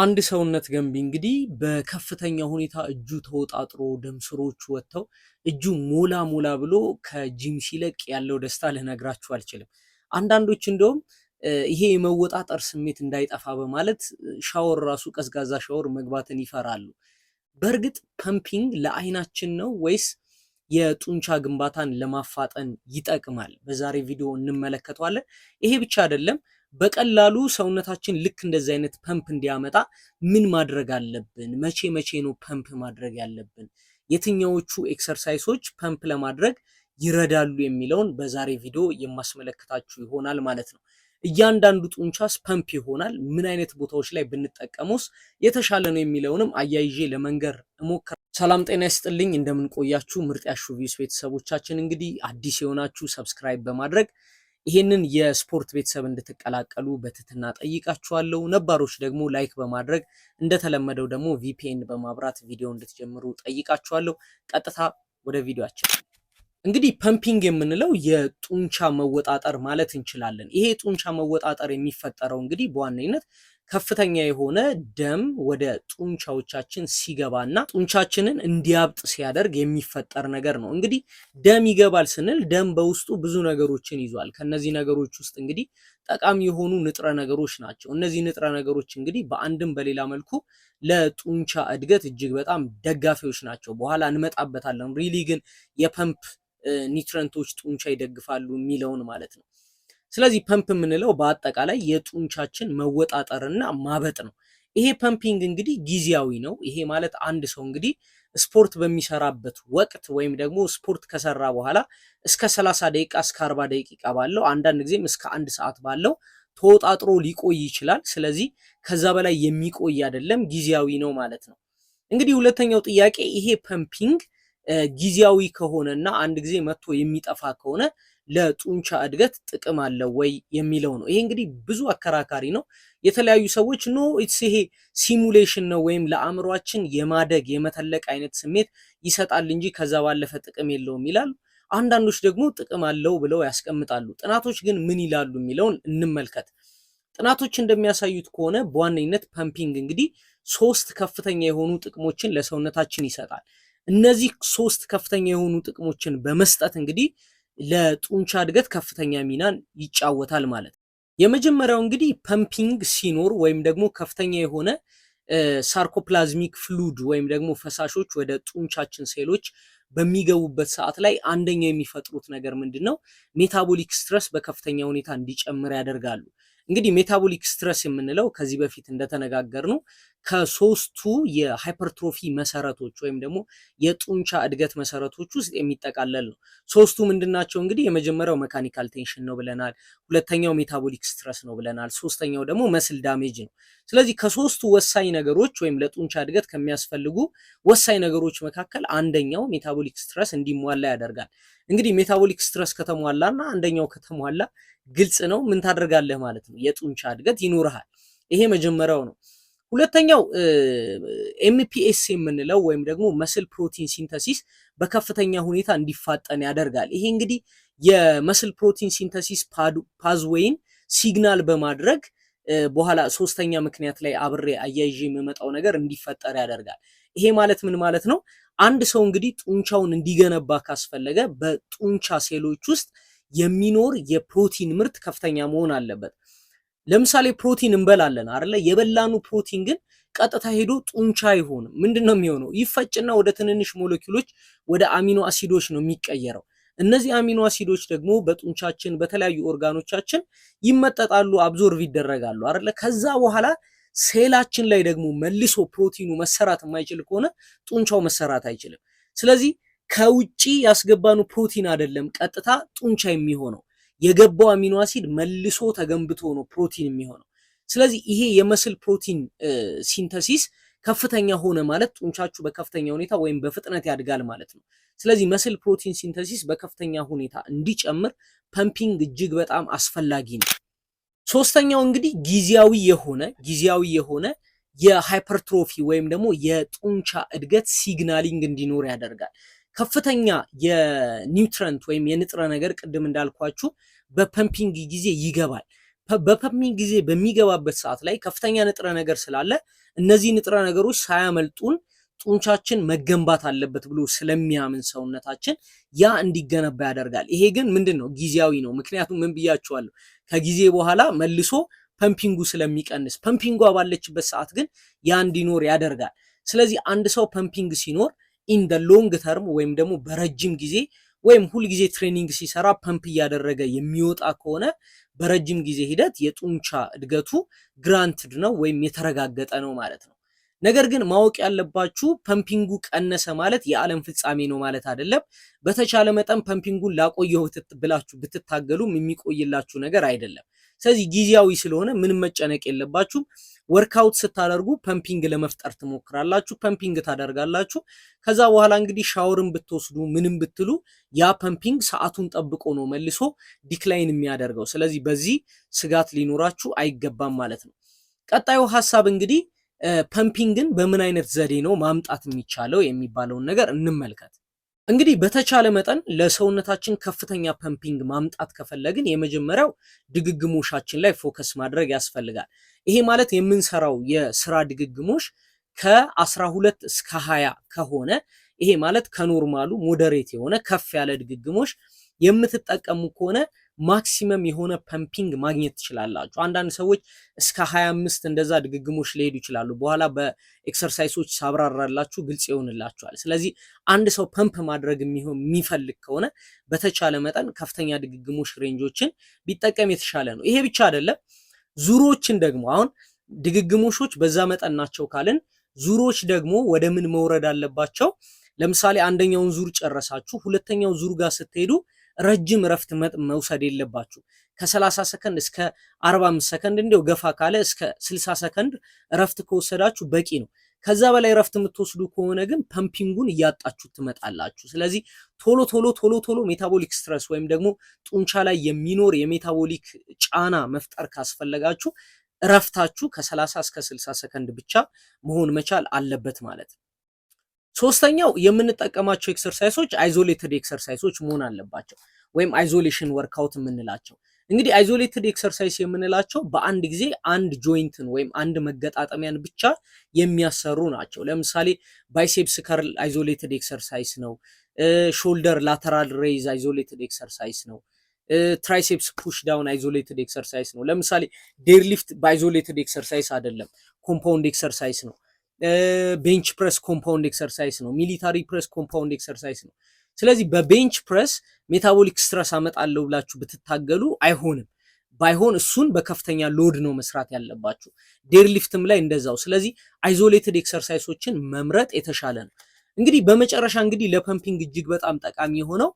አንድ ሰውነት ገንቢ እንግዲህ በከፍተኛ ሁኔታ እጁ ተወጣጥሮ ደምስሮች ወጥተው እጁ ሞላ ሞላ ብሎ ከጂም ሲለቅ ያለው ደስታ ልነግራችሁ አልችልም። አንዳንዶች እንደውም ይሄ የመወጣጠር ስሜት እንዳይጠፋ በማለት ሻወር ራሱ ቀዝቃዛ ሻወር መግባትን ይፈራሉ። በእርግጥ ፐምፒንግ ለአይናችን ነው ወይስ የጡንቻ ግንባታን ለማፋጠን ይጠቅማል። በዛሬ ቪዲዮ እንመለከተዋለን። ይሄ ብቻ አይደለም። በቀላሉ ሰውነታችን ልክ እንደዚህ አይነት ፐምፕ እንዲያመጣ ምን ማድረግ አለብን? መቼ መቼ ነው ፐምፕ ማድረግ ያለብን? የትኛዎቹ ኤክሰርሳይሶች ፐምፕ ለማድረግ ይረዳሉ የሚለውን በዛሬ ቪዲዮ የማስመለከታችሁ ይሆናል ማለት ነው። እያንዳንዱ ጡንቻስ ፐምፕ ይሆናል? ምን አይነት ቦታዎች ላይ ብንጠቀመውስ የተሻለ ነው የሚለውንም አያይዤ ለመንገር እሞክራለሁ። ሰላም ጤና ይስጥልኝ። እንደምንቆያችሁ ምርጥ ያሹ ቪውስ ቤተሰቦቻችን፣ እንግዲህ አዲስ የሆናችሁ ሰብስክራይብ በማድረግ ይሄንን የስፖርት ቤተሰብ እንድትቀላቀሉ በትህትና ጠይቃችኋለሁ። ነባሮች ደግሞ ላይክ በማድረግ እንደተለመደው ደግሞ ቪፒኤን በማብራት ቪዲዮ እንድትጀምሩ ጠይቃችኋለሁ። ቀጥታ ወደ ቪዲዮአችን። እንግዲህ ፐምፒንግ የምንለው የጡንቻ መወጣጠር ማለት እንችላለን። ይሄ ጡንቻ መወጣጠር የሚፈጠረው እንግዲህ በዋነኝነት ከፍተኛ የሆነ ደም ወደ ጡንቻዎቻችን ሲገባና ጡንቻችንን እንዲያብጥ ሲያደርግ የሚፈጠር ነገር ነው። እንግዲህ ደም ይገባል ስንል ደም በውስጡ ብዙ ነገሮችን ይዟል። ከነዚህ ነገሮች ውስጥ እንግዲህ ጠቃሚ የሆኑ ንጥረ ነገሮች ናቸው። እነዚህ ንጥረ ነገሮች እንግዲህ በአንድም በሌላ መልኩ ለጡንቻ እድገት እጅግ በጣም ደጋፊዎች ናቸው። በኋላ እንመጣበታለን። ሪሊ ግን የፐምፕ ኒትረንቶች ጡንቻ ይደግፋሉ የሚለውን ማለት ነው። ስለዚህ ፐምፕ የምንለው በአጠቃላይ የጡንቻችን መወጣጠርና ማበጥ ነው። ይሄ ፐምፒንግ እንግዲህ ጊዜያዊ ነው። ይሄ ማለት አንድ ሰው እንግዲህ ስፖርት በሚሰራበት ወቅት ወይም ደግሞ ስፖርት ከሰራ በኋላ እስከ 30 ደቂቃ እስከ 40 ደቂቃ ባለው አንዳንድ ጊዜም እስከ አንድ ሰዓት ባለው ተወጣጥሮ ሊቆይ ይችላል። ስለዚህ ከዛ በላይ የሚቆይ አይደለም፣ ጊዜያዊ ነው ማለት ነው። እንግዲህ ሁለተኛው ጥያቄ ይሄ ፐምፒንግ ጊዜያዊ ከሆነና አንድ ጊዜ መጥቶ የሚጠፋ ከሆነ ለጡንቻ እድገት ጥቅም አለው ወይ የሚለው ነው። ይሄ እንግዲህ ብዙ አከራካሪ ነው። የተለያዩ ሰዎች ኖ ኢትስ ይሄ ሲሙሌሽን ነው ወይም ለአእምሯችን የማደግ የመተለቅ አይነት ስሜት ይሰጣል እንጂ ከዛ ባለፈ ጥቅም የለውም ይላሉ። አንዳንዶች ደግሞ ጥቅም አለው ብለው ያስቀምጣሉ። ጥናቶች ግን ምን ይላሉ የሚለውን እንመልከት። ጥናቶች እንደሚያሳዩት ከሆነ በዋነኝነት ፐምፒንግ እንግዲህ ሶስት ከፍተኛ የሆኑ ጥቅሞችን ለሰውነታችን ይሰጣል። እነዚህ ሶስት ከፍተኛ የሆኑ ጥቅሞችን በመስጠት እንግዲህ ለጡንቻ እድገት ከፍተኛ ሚናን ይጫወታል ማለት ነው። የመጀመሪያው እንግዲህ ፐምፒንግ ሲኖር ወይም ደግሞ ከፍተኛ የሆነ ሳርኮፕላዝሚክ ፍሉድ ወይም ደግሞ ፈሳሾች ወደ ጡንቻችን ሴሎች በሚገቡበት ሰዓት ላይ አንደኛው የሚፈጥሩት ነገር ምንድን ነው? ሜታቦሊክ ስትረስ በከፍተኛ ሁኔታ እንዲጨምር ያደርጋሉ። እንግዲህ ሜታቦሊክ ስትረስ የምንለው ከዚህ በፊት እንደተነጋገር ነው ከሶስቱ የሃይፐርትሮፊ መሰረቶች ወይም ደግሞ የጡንቻ እድገት መሰረቶች ውስጥ የሚጠቃለል ነው። ሶስቱ ምንድናቸው? እንግዲህ የመጀመሪያው መካኒካል ቴንሽን ነው ብለናል። ሁለተኛው ሜታቦሊክ ስትረስ ነው ብለናል። ሶስተኛው ደግሞ መስል ዳሜጅ ነው። ስለዚህ ከሶስቱ ወሳኝ ነገሮች ወይም ለጡንቻ እድገት ከሚያስፈልጉ ወሳኝ ነገሮች መካከል አንደኛው ሜታቦሊክ ስትረስ እንዲሟላ ያደርጋል። እንግዲህ ሜታቦሊክ ስትረስ ከተሟላና አንደኛው ከተሟላ ግልጽ ነው። ምን ታደርጋለህ ማለት ነው። የጡንቻ እድገት ይኖርሃል። ይሄ መጀመሪያው ነው። ሁለተኛው ኤምፒኤስ የምንለው ወይም ደግሞ መስል ፕሮቲን ሲንተሲስ በከፍተኛ ሁኔታ እንዲፋጠን ያደርጋል። ይሄ እንግዲህ የመስል ፕሮቲን ሲንተሲስ ፓዝዌይን ሲግናል በማድረግ በኋላ ሶስተኛ ምክንያት ላይ አብሬ አያይዤ የሚመጣው ነገር እንዲፈጠር ያደርጋል። ይሄ ማለት ምን ማለት ነው? አንድ ሰው እንግዲህ ጡንቻውን እንዲገነባ ካስፈለገ በጡንቻ ሴሎች ውስጥ የሚኖር የፕሮቲን ምርት ከፍተኛ መሆን አለበት። ለምሳሌ ፕሮቲን እንበላለን አይደለ? የበላኑ ፕሮቲን ግን ቀጥታ ሄዶ ጡንቻ አይሆንም። ምንድን ነው የሚሆነው? ይፈጭና ወደ ትንንሽ ሞለኪሎች ወደ አሚኖ አሲዶች ነው የሚቀየረው። እነዚህ አሚኖ አሲዶች ደግሞ በጡንቻችን በተለያዩ ኦርጋኖቻችን ይመጠጣሉ፣ አብዞርቭ ይደረጋሉ አይደለ? ከዛ በኋላ ሴላችን ላይ ደግሞ መልሶ ፕሮቲኑ መሰራት የማይችል ከሆነ ጡንቻው መሰራት አይችልም። ስለዚህ ከውጪ ያስገባኑ ፕሮቲን አይደለም ቀጥታ ጡንቻ የሚሆነው የገባው አሚኖ አሲድ መልሶ ተገንብቶ ነው ፕሮቲን የሚሆነው። ስለዚህ ይሄ የመስል ፕሮቲን ሲንተሲስ ከፍተኛ ሆነ ማለት ጡንቻችሁ በከፍተኛ ሁኔታ ወይም በፍጥነት ያድጋል ማለት ነው። ስለዚህ መስል ፕሮቲን ሲንተሲስ በከፍተኛ ሁኔታ እንዲጨምር ፐምፒንግ እጅግ በጣም አስፈላጊ ነው። ሶስተኛው እንግዲህ ጊዜያዊ የሆነ ጊዜያዊ የሆነ የሃይፐርትሮፊ ወይም ደግሞ የጡንቻ እድገት ሲግናሊንግ እንዲኖር ያደርጋል። ከፍተኛ የኒውትረንት ወይም የንጥረ ነገር ቅድም እንዳልኳችሁ በፐምፒንግ ጊዜ ይገባል። በፐምፒንግ ጊዜ በሚገባበት ሰዓት ላይ ከፍተኛ ንጥረ ነገር ስላለ እነዚህ ንጥረ ነገሮች ሳያመልጡን ጡንቻችን መገንባት አለበት ብሎ ስለሚያምን ሰውነታችን ያ እንዲገነባ ያደርጋል። ይሄ ግን ምንድን ነው ጊዜያዊ ነው። ምክንያቱም ምን ብያችኋለሁ፣ ከጊዜ በኋላ መልሶ ፐምፒንጉ ስለሚቀንስ፣ ፐምፒንጓ ባለችበት ሰዓት ግን ያ እንዲኖር ያደርጋል። ስለዚህ አንድ ሰው ፐምፒንግ ሲኖር ኢን ደ ሎንግ ተርም ወይም ደግሞ በረጅም ጊዜ ወይም ሁልጊዜ ትሬኒንግ ሲሰራ ፐምፕ እያደረገ የሚወጣ ከሆነ በረጅም ጊዜ ሂደት የጡንቻ እድገቱ ግራንትድ ነው ወይም የተረጋገጠ ነው ማለት ነው። ነገር ግን ማወቅ ያለባችሁ ፐምፒንጉ ቀነሰ ማለት የዓለም ፍጻሜ ነው ማለት አይደለም። በተቻለ መጠን ፐምፒንጉን ላቆየው ብላችሁ ብትታገሉም የሚቆይላችሁ ነገር አይደለም። ስለዚህ ጊዜያዊ ስለሆነ ምንም መጨነቅ የለባችሁም። ወርካውት ስታደርጉ ፐምፒንግ ለመፍጠር ትሞክራላችሁ፣ ፐምፒንግ ታደርጋላችሁ። ከዛ በኋላ እንግዲህ ሻወርን ብትወስዱ ምንም ብትሉ ያ ፐምፒንግ ሰዓቱን ጠብቆ ነው መልሶ ዲክላይን የሚያደርገው። ስለዚህ በዚህ ስጋት ሊኖራችሁ አይገባም ማለት ነው። ቀጣዩ ሀሳብ እንግዲህ ፐምፒንግን በምን አይነት ዘዴ ነው ማምጣት የሚቻለው የሚባለውን ነገር እንመልከት። እንግዲህ በተቻለ መጠን ለሰውነታችን ከፍተኛ ፐምፒንግ ማምጣት ከፈለግን የመጀመሪያው ድግግሞሻችን ላይ ፎከስ ማድረግ ያስፈልጋል። ይሄ ማለት የምንሰራው የስራ ድግግሞሽ ከ12 እስከ 20 ከሆነ ይሄ ማለት ከኖርማሉ ሞዴሬት የሆነ ከፍ ያለ ድግግሞሽ የምትጠቀሙ ከሆነ ማክሲመም የሆነ ፐምፒንግ ማግኘት ትችላላችሁ። አንዳንድ ሰዎች እስከ 25 እንደዛ ድግግሞች ሊሄዱ ይችላሉ። በኋላ በኤክሰርሳይሶች ሳብራራላችሁ ግልጽ ይሆንላችኋል። ስለዚህ አንድ ሰው ፐምፕ ማድረግ የሚፈልግ ከሆነ በተቻለ መጠን ከፍተኛ ድግግሞች ሬንጆችን ቢጠቀም የተሻለ ነው። ይሄ ብቻ አይደለም። ዙሮችን ደግሞ አሁን ድግግሞሾች በዛ መጠን ናቸው ካልን ዙሮች ደግሞ ወደ ምን መውረድ አለባቸው? ለምሳሌ አንደኛውን ዙር ጨረሳችሁ፣ ሁለተኛው ዙር ጋር ስትሄዱ ረጅም እረፍት መውሰድ የለባችሁ። ከ30 ሰከንድ እስከ 45 ሰከንድ እንዲው ገፋ ካለ እስከ 60 ሰከንድ እረፍት ከወሰዳችሁ በቂ ነው። ከዛ በላይ እረፍት የምትወስዱ ከሆነ ግን ፐምፒንጉን እያጣችሁ ትመጣላችሁ። ስለዚህ ቶሎ ቶሎ ቶሎ ቶሎ ሜታቦሊክ ስትረስ ወይም ደግሞ ጡንቻ ላይ የሚኖር የሜታቦሊክ ጫና መፍጠር ካስፈለጋችሁ እረፍታችሁ ከ30 እስከ 60 ሰከንድ ብቻ መሆን መቻል አለበት ማለት ነው። ሶስተኛው የምንጠቀማቸው ኤክሰርሳይሶች አይዞሌትድ ኤክሰርሳይሶች መሆን አለባቸው፣ ወይም አይዞሌሽን ወርክአውት የምንላቸው እንግዲህ አይዞሌትድ ኤክሰርሳይዝ የምንላቸው በአንድ ጊዜ አንድ ጆይንትን ወይም አንድ መገጣጠሚያን ብቻ የሚያሰሩ ናቸው። ለምሳሌ ባይሴፕስ ከርል አይዞሌትድ ኤክሰርሳይዝ ነው። ሾልደር ላተራል ሬይዝ አይዞሌትድ ኤክሰርሳይዝ ነው። ትራይሴፕስ ፑሽ ዳውን አይዞሌትድ ኤክሰርሳይዝ ነው። ለምሳሌ ዴርሊፍት በአይዞሌትድ ኤክሰርሳይዝ አይደለም፣ ኮምፓውንድ ኤክሰርሳይዝ ነው። ቤንች ፕረስ ኮምፓውንድ ኤክሰርሳይስ ነው። ሚሊታሪ ፕረስ ኮምፓውንድ ኤክሰርሳይስ ነው። ስለዚህ በቤንች ፕረስ ሜታቦሊክ ስትረስ አመጣለሁ ብላችሁ ብትታገሉ አይሆንም። ባይሆን እሱን በከፍተኛ ሎድ ነው መስራት ያለባችሁ። ዴርሊፍትም ላይ እንደዛው። ስለዚህ አይዞሌትድ ኤክሰርሳይሶችን መምረጥ የተሻለ ነው። እንግዲህ በመጨረሻ እንግዲህ ለፐምፒንግ እጅግ በጣም ጠቃሚ የሆነው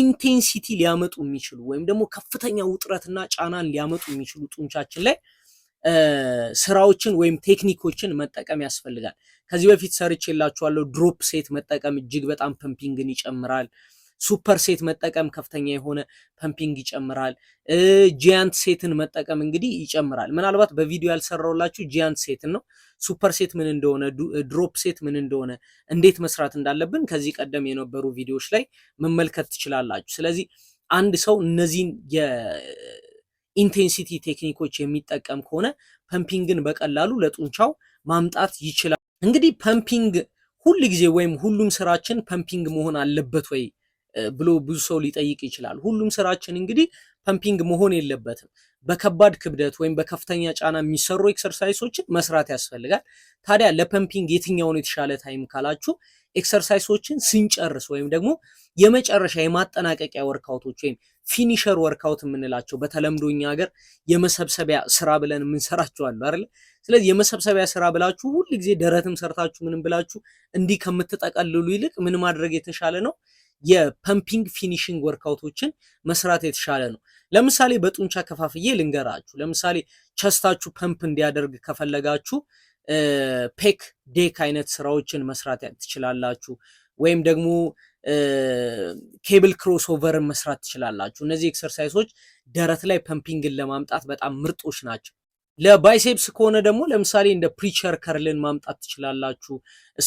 ኢንቴንሲቲ ሊያመጡ የሚችሉ ወይም ደግሞ ከፍተኛ ውጥረትና ጫናን ሊያመጡ የሚችሉ ጡንቻችን ላይ ስራዎችን ወይም ቴክኒኮችን መጠቀም ያስፈልጋል። ከዚህ በፊት ሰርቼላችኋለሁ። ድሮፕ ሴት መጠቀም እጅግ በጣም ፐምፒንግን ይጨምራል። ሱፐር ሴት መጠቀም ከፍተኛ የሆነ ፐምፒንግ ይጨምራል። ጂያንት ሴትን መጠቀም እንግዲህ ይጨምራል። ምናልባት በቪዲዮ ያልሰራውላችሁ ጂያንት ሴትን ነው። ሱፐር ሴት ምን እንደሆነ፣ ድሮፕ ሴት ምን እንደሆነ፣ እንዴት መስራት እንዳለብን ከዚህ ቀደም የነበሩ ቪዲዮዎች ላይ መመልከት ትችላላችሁ። ስለዚህ አንድ ሰው እነዚህን ኢንቴንሲቲ ቴክኒኮች የሚጠቀም ከሆነ ፐምፒንግን በቀላሉ ለጡንቻው ማምጣት ይችላል። እንግዲህ ፐምፒንግ ሁል ጊዜ ወይም ሁሉም ስራችን ፐምፒንግ መሆን አለበት ወይ ብሎ ብዙ ሰው ሊጠይቅ ይችላል። ሁሉም ስራችን እንግዲህ ፐምፒንግ መሆን የለበትም። በከባድ ክብደት ወይም በከፍተኛ ጫና የሚሰሩ ኤክሰርሳይሶችን መስራት ያስፈልጋል። ታዲያ ለፐምፒንግ የትኛውን የተሻለ ታይም ካላችሁ ኤክሰርሳይሶችን ስንጨርስ ወይም ደግሞ የመጨረሻ የማጠናቀቂያ ወርካውቶች ወይም ፊኒሸር ወርካውት የምንላቸው በተለምዶኛ ሀገር የመሰብሰቢያ ስራ ብለን የምንሰራቸው አሉ አይደል? ስለዚህ የመሰብሰቢያ ስራ ብላችሁ ሁል ጊዜ ደረትም ሰርታችሁ ምንም ብላችሁ እንዲህ ከምትጠቀልሉ ይልቅ ምን ማድረግ የተሻለ ነው? የፐምፒንግ ፊኒሽንግ ወርካውቶችን መስራት የተሻለ ነው። ለምሳሌ በጡንቻ ከፋፍዬ ልንገራችሁ። ለምሳሌ ቸስታችሁ ፐምፕ እንዲያደርግ ከፈለጋችሁ ፔክ ዴክ አይነት ስራዎችን መስራት ትችላላችሁ። ወይም ደግሞ ኬብል ክሮስኦቨርን መስራት ትችላላችሁ። እነዚህ ኤክሰርሳይሶች ደረት ላይ ፐምፒንግን ለማምጣት በጣም ምርጦች ናቸው። ለባይሴፕስ ከሆነ ደግሞ ለምሳሌ እንደ ፕሪቸር ከርልን ማምጣት ትችላላችሁ።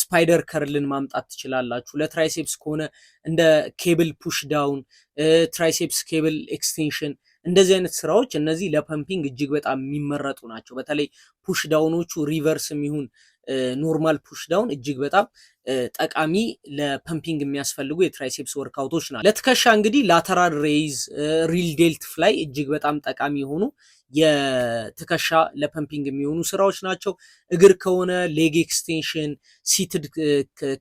ስፓይደር ከርልን ማምጣት ትችላላችሁ። ለትራይሴፕስ ከሆነ እንደ ኬብል ፑሽ ዳውን፣ ትራይሴፕስ ኬብል ኤክስቴንሽን እንደዚህ አይነት ስራዎች እነዚህ ለፐምፒንግ እጅግ በጣም የሚመረጡ ናቸው። በተለይ ፑሽ ዳውኖቹ ሪቨርስ የሚሆን ኖርማል ፑሽ ዳውን እጅግ በጣም ጠቃሚ ለፐምፒንግ የሚያስፈልጉ የትራይሴፕስ ወርካውቶች ናቸው። ለትከሻ እንግዲህ ላተራል ሬይዝ፣ ሪል ዴልት ፍላይ እጅግ በጣም ጠቃሚ የሆኑ የትከሻ ለፐምፒንግ የሚሆኑ ስራዎች ናቸው። እግር ከሆነ ሌግ ኤክስቴንሽን፣ ሲትድ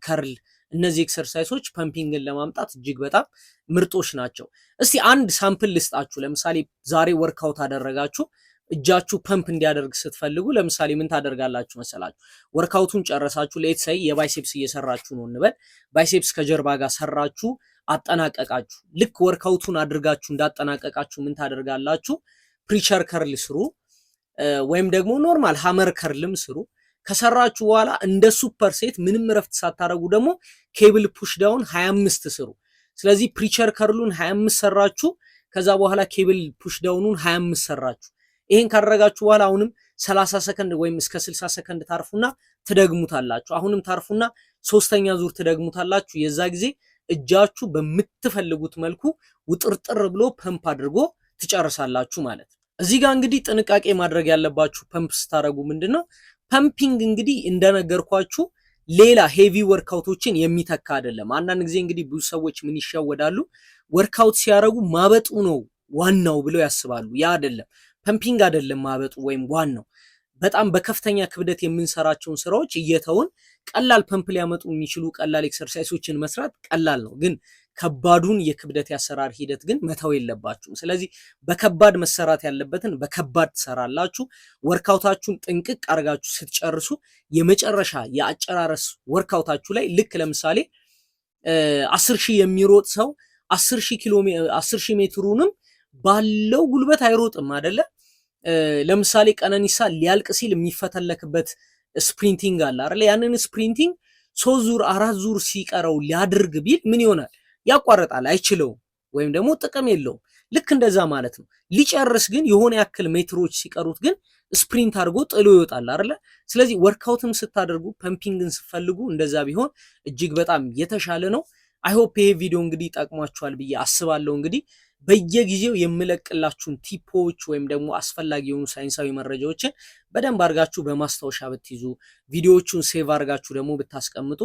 ከርል እነዚህ ኤክሰርሳይሶች ፐምፒንግን ለማምጣት እጅግ በጣም ምርጦች ናቸው። እስቲ አንድ ሳምፕል ልስጣችሁ። ለምሳሌ ዛሬ ወርካውት አደረጋችሁ፣ እጃችሁ ፐምፕ እንዲያደርግ ስትፈልጉ ለምሳሌ ምን ታደርጋላችሁ መሰላችሁ? ወርካውቱን ጨረሳችሁ። ሌት ሳይ የባይሴፕስ እየሰራችሁ ነው እንበል። ባይሴፕስ ከጀርባ ጋር ሰራችሁ፣ አጠናቀቃችሁ። ልክ ወርካውቱን አድርጋችሁ እንዳጠናቀቃችሁ ምን ታደርጋላችሁ? ፕሪቸር ከርል ስሩ፣ ወይም ደግሞ ኖርማል ሀመር ከርልም ስሩ ከሰራችሁ በኋላ እንደ ሱፐር ሴት ምንም እረፍት ሳታደረጉ ደግሞ ኬብል ፑሽ ዳውን 25 ስሩ። ስለዚህ ፕሪቸር ከርሉን 25 ሰራችሁ። ከዛ በኋላ ኬብል ፑሽ ዳውኑን 25 ሰራችሁ። ይሄን ካደረጋችሁ በኋላ አሁንም 30 ሰከንድ ወይም እስከ 60 ሰከንድ ታርፉና ትደግሙታላችሁ። አሁንም ታርፉና ሶስተኛ ዙር ትደግሙታላችሁ። የዛ ጊዜ እጃችሁ በምትፈልጉት መልኩ ውጥርጥር ብሎ ፐምፕ አድርጎ ትጨርሳላችሁ ማለት ነው። እዚህ ጋር እንግዲህ ጥንቃቄ ማድረግ ያለባችሁ ፐምፕ ስታደረጉ ምንድን ነው ፐምፒንግ እንግዲህ እንደነገርኳችሁ ሌላ ሄቪ ወርካውቶችን የሚተካ አይደለም። አንዳንድ ጊዜ እንግዲህ ብዙ ሰዎች ምን ይሸወዳሉ፣ ወርካውት ሲያደርጉ ማበጡ ነው ዋናው ብለው ያስባሉ። ያ አይደለም፣ ፐምፒንግ አይደለም ማበጡ ወይም ዋናው። በጣም በከፍተኛ ክብደት የምንሰራቸውን ስራዎች እየተውን ቀላል ፐምፕ ሊያመጡ የሚችሉ ቀላል ኤክሰርሳይሶችን መስራት ቀላል ነው። ግን ከባዱን የክብደት ያሰራር ሂደት ግን መተው የለባችሁም። ስለዚህ በከባድ መሰራት ያለበትን በከባድ ትሰራላችሁ። ወርካውታችሁን ጥንቅቅ አርጋችሁ ስትጨርሱ የመጨረሻ የአጨራረስ ወርካውታችሁ ላይ ልክ ለምሳሌ አስር ሺህ የሚሮጥ ሰው አስር ሺህ ኪሎ አስር ሺህ ሜትሩንም ባለው ጉልበት አይሮጥም አደለ? ለምሳሌ ቀነኒሳ ሊያልቅ ሲል የሚፈተለክበት ስፕሪንቲንግ አለ አለ ያንን ስፕሪንቲንግ ሶስት ዙር አራት ዙር ሲቀረው ሊያድርግ ቢል ምን ይሆናል? ያቋርጣል፣ አይችለውም ወይም ደግሞ ጥቅም የለውም። ልክ እንደዛ ማለት ነው። ሊጨርስ ግን የሆነ ያክል ሜትሮች ሲቀሩት ግን ስፕሪንት አድርጎ ጥሎ ይወጣል አይደለ? ስለዚህ ወርካውትም ስታደርጉ፣ ፐምፒንግን ስፈልጉ እንደዛ ቢሆን እጅግ በጣም የተሻለ ነው። አይሆፕ ይሄ ቪዲዮ እንግዲህ ይጠቅሟችኋል ብዬ አስባለሁ። እንግዲህ በየጊዜው የምለቅላችሁን ቲፖች ወይም ደግሞ አስፈላጊ የሆኑ ሳይንሳዊ መረጃዎችን በደንብ አድርጋችሁ በማስታወሻ ብትይዙ፣ ቪዲዮዎቹን ሴቭ አድርጋችሁ ደግሞ ብታስቀምጡ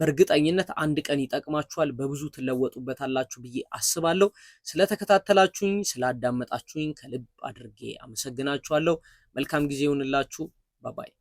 በእርግጠኝነት አንድ ቀን ይጠቅማችኋል፣ በብዙ ትለወጡበታላችሁ ብዬ አስባለሁ። ስለተከታተላችሁኝ፣ ስላዳመጣችሁኝ ከልብ አድርጌ አመሰግናችኋለሁ። መልካም ጊዜ ይሁንላችሁ። ባባይ